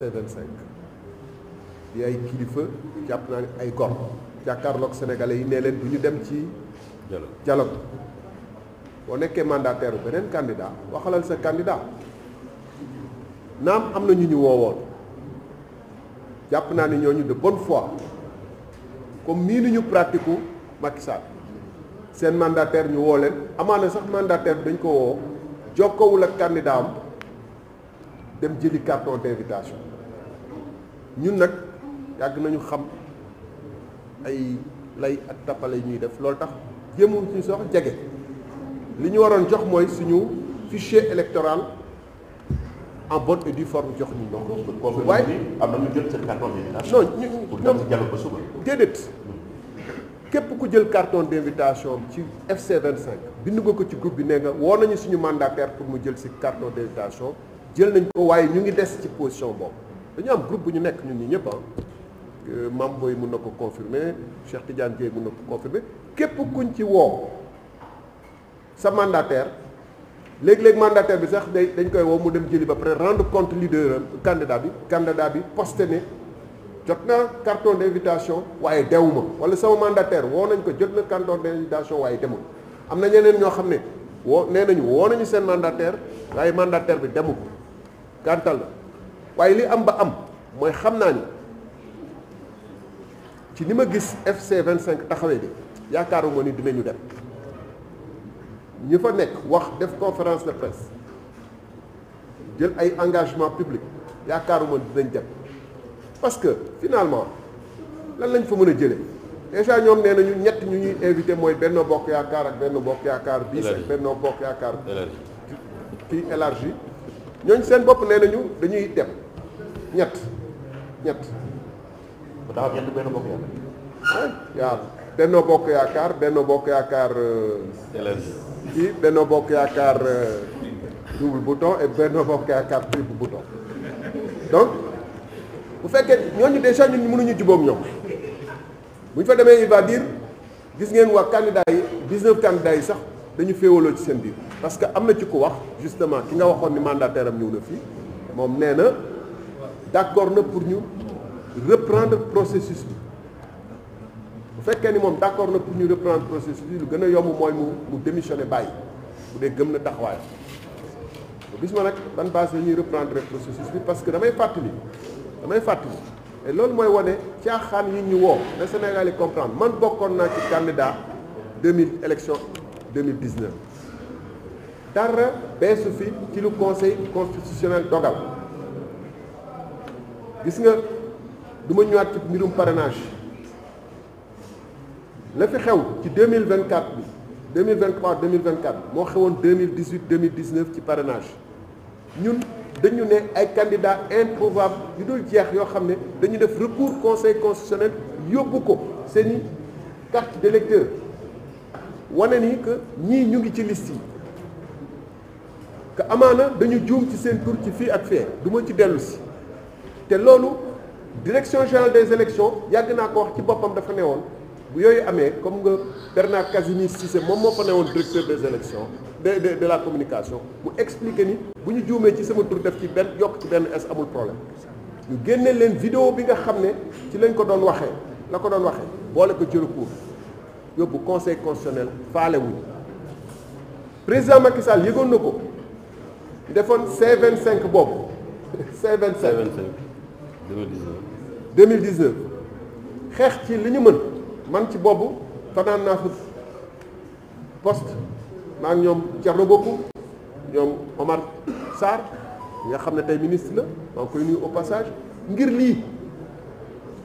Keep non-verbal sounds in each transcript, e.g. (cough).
vingt cinq di ay kilifa jàpp naa ne ay gor jàkkaarloog sénégalais yi nee leen du ñu dem ci dialogue boo nekkee mandataire bu beneen candidat waxalal sa candidat naam am na ñu ñu woowoon jàpp naa ne ñooñu de bonne foi comme mii ni pratiku pratique seen mandataire ñu woo leen amaana sax mandataire dañ ko woo jokkowul ak candidat am dem jëli carton d'invitation ñun nag yàgg nañu xam ay lay ak tappale yi ñuy def loolu tax jéemoon suñu sox jege li ñu waroon jox mooy suñu fichier électoral en bonne et due forme jox ñu ñoom. waaye am na ñu jël seen carton d'invitation. non ñu pour dem si dialogue ba suba. déedéet képp ku jël carton d'invitation ci FC 25 bind nga ko ci groupe bi nee nga woo nañu suñu mandataire pour mu jël si carton d'invitation jël nañ ko waaye ñu ngi des ci position boobu. dañu am groupe bu ñu nekk ñun nii ñëpp ah euh, Mame Boye mun na ko confirmer Cheikh Tidiane Dièye mun na ko confirmer képp kuñ ci woo sa mandataire léeg-léeg mandataire bi sax day dañ koy woo mu dem jëli ba pare rendre compte leader candidat bi candidat bi posté ne jot na carton d'invitation waaye dewuma wala sama mandataire woo nañ ko jot na carton d'invitation waaye demul am na ñeneen ñoo xam ne woo nee nañu woo nañu seen mandataire waaye mandataire bi demu ko gàntal waaye li am ba am mooy xam naa ni ci ni ma gis FC 25 taxawee bi yaakaaruma ni dinañu dem ñi fa nekk wax def conférence de presse jël ay engagement public yaakaaruma dinañ dem parce que finalement lan lañ fa mën a jëlee déjà ñoom nee nañu ñett ñu ñuy invité mooy Benno Bokk Yaakaar ak Benno Bokk Yaakaar bis ak Benno Bokk Yaakaar kii élargi ñooñ seen bopp nee nañu dañuy dem ñett ñett bu taxaw benn bokk yaakaar waaw bennoo bokk yaakaar bennoo bokk yaakaar euh, kii bennoo bokk yaakaar euh, double bouton ay bennoo bokk yaakaar triple bouton donc bu fekkee ñooñu déjà ñun mënuñu jubóom ñoom bu fa demee il va gis ngeen waa candidat yi 19 candidats yi sax dañu féewaloo ci seen biir parce que am na ci ku wax justement ki nga waxoon ni mandataire am ñëw na fii moom nee na d'accord na pour ñu reprendre processus bi bu fekkee ni moom d'accord na pour ñu reprendre processus bi lu gën a yomb mooy mu mu démissionner bàyyi bu dee gëm na taxawaay gis ma nag ban base la ñuy reprendre processus bi parce que damay fàttali damay fàttali et loolu mooy wane caaxaan yi ñu woo na Sénégal comprendre man bokkoon naa ci candidat 2000 élection 2019 dara beesu fi ci lu conseil constitutionnel dogal. gis nga du ma ñëwaat ci mbirum parenage la fi xew ci deux mille vingt quatre bi deux mille vingt trois deux mille moo xewoon deux mille dix huit deux mille dix neuf ci parrainage ñun dañu ne ay candidats introuvables yu dul jeex yoo xam ne dañu def recours conseil constitutionnel yóbbu ko seen i carte d'électeur wane ni que ñii ñu ngi ci liste yi que amaana dañu juum ci seen tur ci fii ak fee du ci dellusi te loolu direction générale des élections yàgg naa ko wax ci boppam dafa ne woon bu yooyu amee comme nga Bernard Casimir Cissé moom moo fa newoon directeur des élections de de de la communication mu expliqué ni bu ñu juumee ci sama tur def ci benn yokk ci benn es amul problème ñu génne leen vidéo bi nga xam ne ci lañ ko doon waxee la ko doon waxee boole ko ci recours yóbbu conseil constitutionnel faale wuñu président Macky Sall yëgoon na ko defoon C25 boobu (laughs) C25. 2019 2019 xeex ci li ñu mën man ci boobu fanaan naa fa poste maa ñoom Thierno Bocoum ñoom Omar Sarr nga xam ne tey ministre la maa ngi koy nuyu au passage ngir lii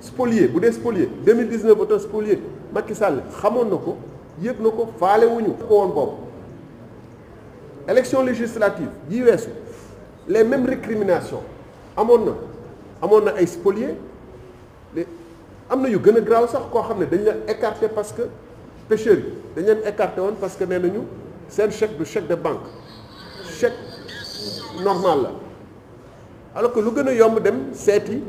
spolié bu dee spolié 2019 oto spolié Macky Sall xamoon na ko yëg na ko faale wuñu ko woon boobu élection législative yi weesu les mêmes récriminations amoon na amoon na ay spoliés am na yu gën a graaw sax koo xam ne dañ leen écarté parce que pêcheurs yi dañ leen écarté woon parce que nee nañu seen chèque du chèque de banque chèque normal la alors que lu gën a yomb dem seeti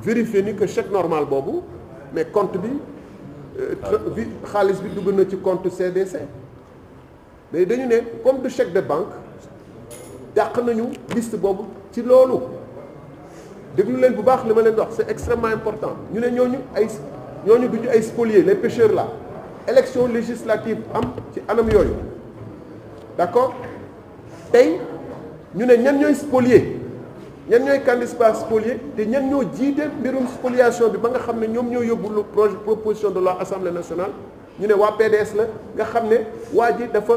vérifier ni que chèque normal boobu mais compte bi bi euh, xaalis bi dugg na ci compte CDC mais dañu ne comme du chèque de banque dàq nañu liste boobu ci loolu déglu leen bu baax li ma leen wax c'est extrêmement important ñu ne ñooñu ay ñooñu du ñu ay spoliés les pêcheurs là élection législative am ci anam yooyu d'accord tey ñu ne ñan ñooy spoliés ñan ñooy candidats spoliés te ñan ñoo jiite mbirum spoliation bi ba nga xam ne ñoom ñoo yóbbu lu projet proposition de loi assemblée nationale ñu ne waa PDS la nga xam ne waa ji dafa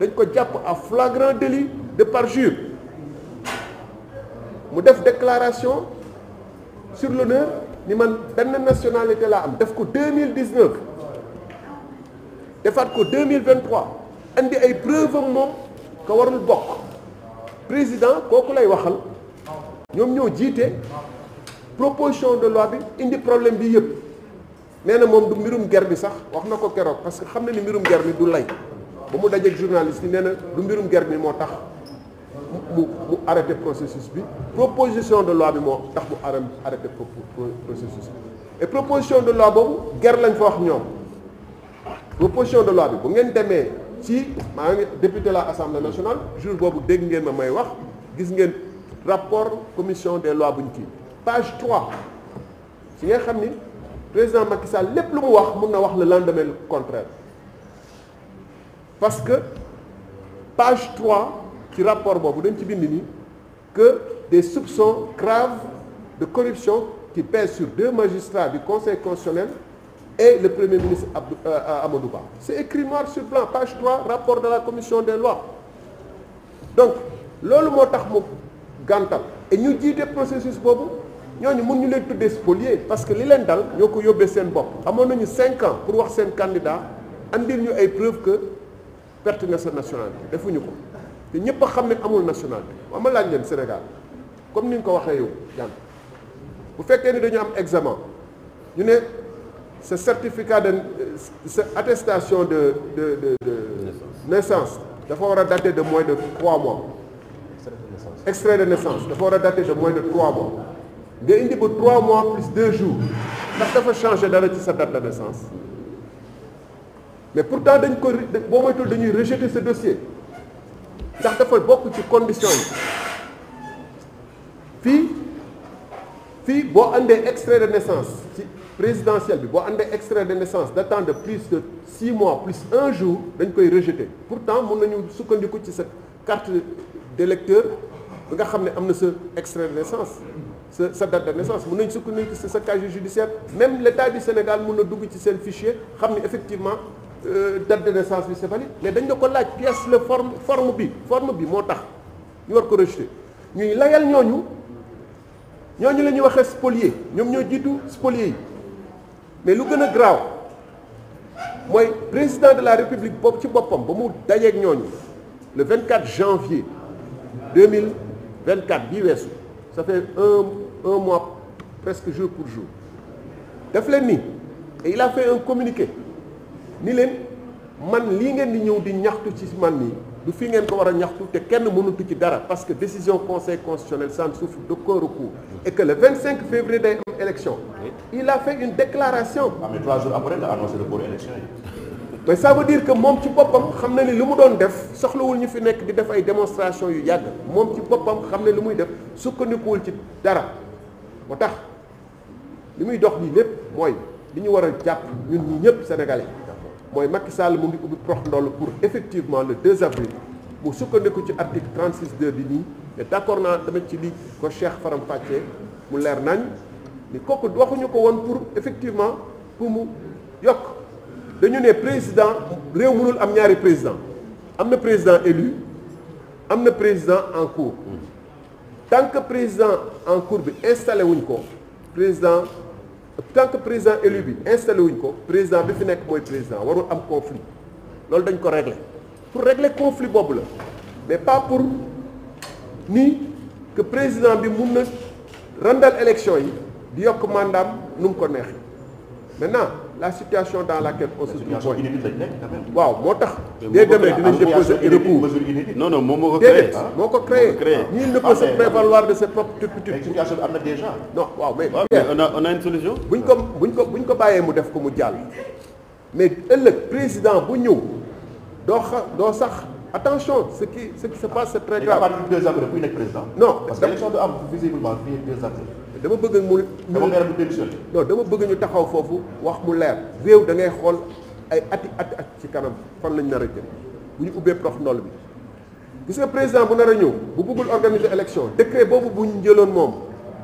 dañ ko jàpp à flagrant délit de parjure mu def déclaration sur l'honneur ni man benn nationalité laa am def ko 2019 defaat ko deux mille vingt 2023 andi ay preuve am moom ka warul bokk président kooku lay waxal ñoom ñoo jiite proposition de loi bi indi problème bi yëpp nee na moom du mbirum ger bi sax wax na ko keroog parce que xam na ni mbirum ger bi du lay ba mu dajeeg journaliste yi nee na du mbirum ger bi moo tax mu mu arrêté processus bi proposition de loi bi moo tax mu arrêté processus bi et proposition de loi boobu ger lañ fa wax ñoom proposition de loi bi bu ngeen demee ci maa ngi député la assemblée nationale jour boobu dégg ngeen ma may wax gis ngeen rapport commission des lois bu ñu kii page 3 si nga xam ni président Macky Sall lépp lu mu wax mun na wax le lendemain le contraire parce que page 3 ci rapport boobu dañu ci bind nii que des soupçons graves de corruption qui pèsent sur deux magistrats du conseil constitutionnel et le premier ministre Abdou euh, euh Amadou Ba c'est écrit noir sur page 3 rapport de la commission des lois donc loolu moo tax mu gàntal et ñu jiite processus boobu ñoo ñooñu mun ñu leen tuddee spoliés parce que li leen dal ñoo ko yóbbee seen bopp amoon nañu cinq ans pour wax seen candidat andil ñu ay preuve que pertinence nationale bi defuñu ko te ñëpp a xam ne amul nationalité waaw ma laaj leen Sénégal comme ni nga ko waxee yow jàng bu fekkee ni dañu am examen ñu ne sa certificat de sa attestation de de de de naissance dafa war a dater de mois de trois mois extrait de naissance dafa war a dater de moins de trois mois nga indi ba trois mois plus deux jours ndax dafa changé dara ci sa date de naissance mais pourtant dañ ko boo moytul dañuy rejeter ce dossier ndax dafa bokk ci condition yi fii fii boo andee extrait de naissance ci présidentielle bi boo andee extrait de naissance datant de plus de six mois plus un jour dañ koy rejeté pourtant mun nañu sukkandiku ci sa carte d'électeur bi nga xam ne am na sa extrait de naissance sa sa date de naissance mun nañ sukkandiku ci sa casier judiciaire même l'État du Sénégal mun na dugg ci seen fichier xam ne effectivement Euh, date de naissance bi c'est valide mais dañ la ko laaj pièce la forme forme bi forme bi moo tax ñu war ko rejeté ñuy layal ñooñu ñooñu la ñuy waxee spolié ñoom ñoo jiitu spolié yi mais lu gën a graaw mooy président de la république boobu ci boppam ba mu dajeeg ñooñu le 24 janvier 2024 bii weesu ça fait un un mois presque jour pour jour def leen ni et il a un communiqué ni leen man lii ngeen di ñëw di ñaxtu ci man nii du fi ngeen ko war a ñaxtu te kenn mënatu ci dara parce que décision conseil constitutionnel ça suuf souffre d'aucun recours et que le 25 février day am élection il a fait une déclaration ah mais trois jours après nga annoncé report élection yi mais ça veut que moom ci boppam xam na ni li mu doon def soxlawul ñu fi nekk di def ay démonstration yu yàgg moom ci boppam xam ne lu muy def sukkandikuwul ci dara moo tax li muy dox nii lépp mooy li ñu war a jàpp ñun ñi ñëpp sénégalais mooy Macky Sall mu ngi ubbi prox ndoll pour effectivement le 2 avril mu sukkandiku ci article 36 2 bi nii te d' accord naa tamit ci li ko Cheikh Faram Fàccee mu leer nañ ni kooku waxuñu ko woon pour effectivement pour mu yokk dañu ne président réew mënul am ñaari président am na président élu am na président en cours tant que président en cours bi installé wuñ ko président tant que président élu bi installé wuñ ko président bi fi nekk mooy président warul am conflit loolu dañ ko régler pour régler conflit boobu la mais pas pour ni que président bi mun na randal élection yi di yokk mandam nu mu ko neex maintenant la situation dans laquelle on se trouve waaw moo tax. dès demain dinañ déposer recours non non moom moo ko créé moo ko ne peut se prévaloir de ses propres turpitudes. situation bi waaw mais. buñ ko buñ ko buñ ko bàyyee mu def ko mu jàll. mais ëllëg président bu ñëw doo xa doo sax attention ce qui ce qui se passe c'est très grave. mais dafa am deux am visiblement fii deux ans. dama bëgg mu. dama gën a dama bëgg ñu taxaw foofu wax mu leer réew dangay xool ay ati ati at ci kanam fan lañ nar a jëm bu ñu ubbee prof ndoll bi. gis nga président bu nar a ñëw bu bëggul organiser élection décret boobu bu ñu jëloon moom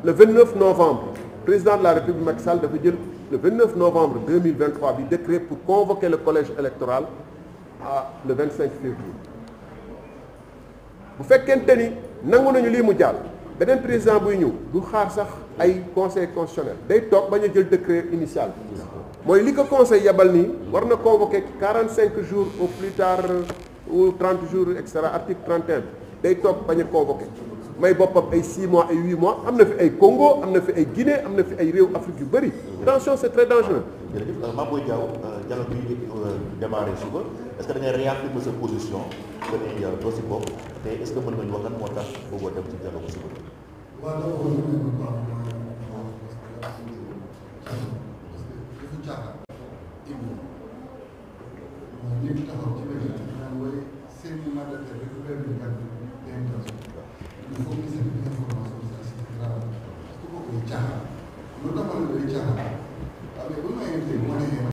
le 29 novembre président de la république Macky Sall dafa jël le 29 novembre 2023 bi décret pour convoquer le collège électoral à le 25 février bu fekkente ni nangu nañu lii mu jàll. beneen président buy ñëw du xaar sax ay conseil constitutionnel day toog bañ a jël décret initial mooy li ko conseil yabal nii war na convoqué quarante cinq jours au plus tard ou trente jours et cetera article 31 day toog bañ a convoqué may boppam ay 6 mois ay 8 mois am na fi ay Congo am na fi ay Guinée am na fi ay réew Afrique yu bëri attention c'est très dangereux jërëjëf Mame Boye Diao euh, dialogue bi euh, démarré suba est-ce que da ngay sa position doo si bokk te est-ce que mën nga ñu wax lan moo tax bëggoo dem ci dialogue suba. waaw